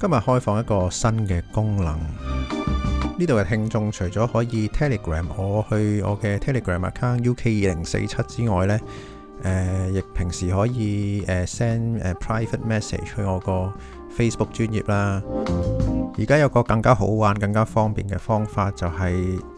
今日開放一個新嘅功能，呢度嘅聽眾除咗可以 Telegram 我去我嘅 Telegram account UK 二零四七之外呢，誒、呃、亦平時可以誒、呃、send private message 去我個 Facebook 專頁啦。而家有個更加好玩、更加方便嘅方法就係、是。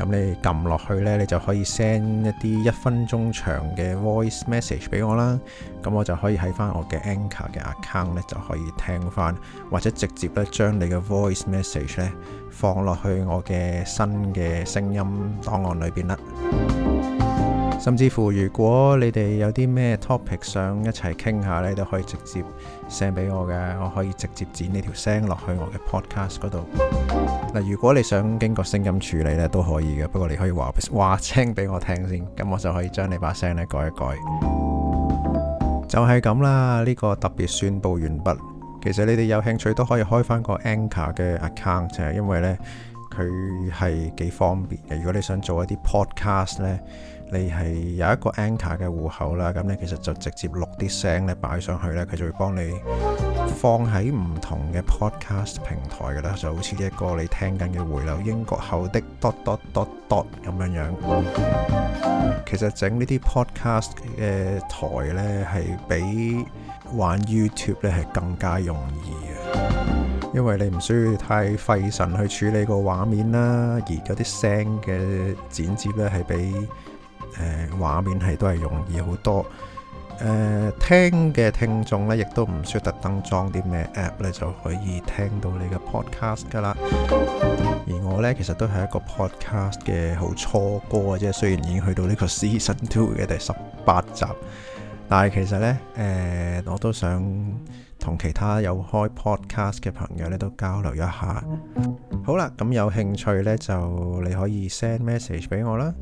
咁你撳落去呢，你就可以 send 一啲一分鐘長嘅 voice message 俾我啦。咁我就可以喺翻我嘅 Anchor 嘅 account 呢，就可以聽翻，或者直接咧，將你嘅 voice message 呢，放落去我嘅新嘅聲音檔案裏邊啦。甚至乎，如果你哋有啲咩 topic 想一齊傾下呢，都可以直接 send 俾我嘅。我可以直接剪你條聲落去我嘅 podcast 嗰度。嗱，如果你想經過聲音處理呢，都可以嘅，不過你可以話話清俾我聽先，咁我就可以將你把聲咧改一改。就係咁啦，呢個特別宣布完畢。其實你哋有興趣都可以開翻個 anchor 嘅 account 嘅，因為呢。佢係幾方便嘅，如果你想做一啲 podcast 咧，你係有一個 anchor 嘅戶口啦，咁咧其實就直接錄啲聲咧擺上去咧，佢就會幫你放喺唔同嘅 podcast 平台嘅啦，就好似一個你聽緊嘅回流英國後的 dot dot dot dot 咁樣樣，其實整呢啲 podcast 嘅台咧，係比玩 YouTube 咧係更加容易嘅。因為你唔需要太費神去處理個畫面啦，而嗰啲聲嘅剪接咧係比誒、呃、畫面係都係容易好多。誒、呃、聽嘅聽眾咧，亦都唔需要特登裝啲咩 app 咧就可以聽到你嘅 podcast 噶啦。而我咧其實都係一個 podcast 嘅好初哥啊，即係雖然已經去到呢個 season two 嘅第十八集。但係其實呢，誒、欸、我都想同其他有開 podcast 嘅朋友呢都交流一下。好啦，咁有興趣呢，就你可以 send message 俾我啦。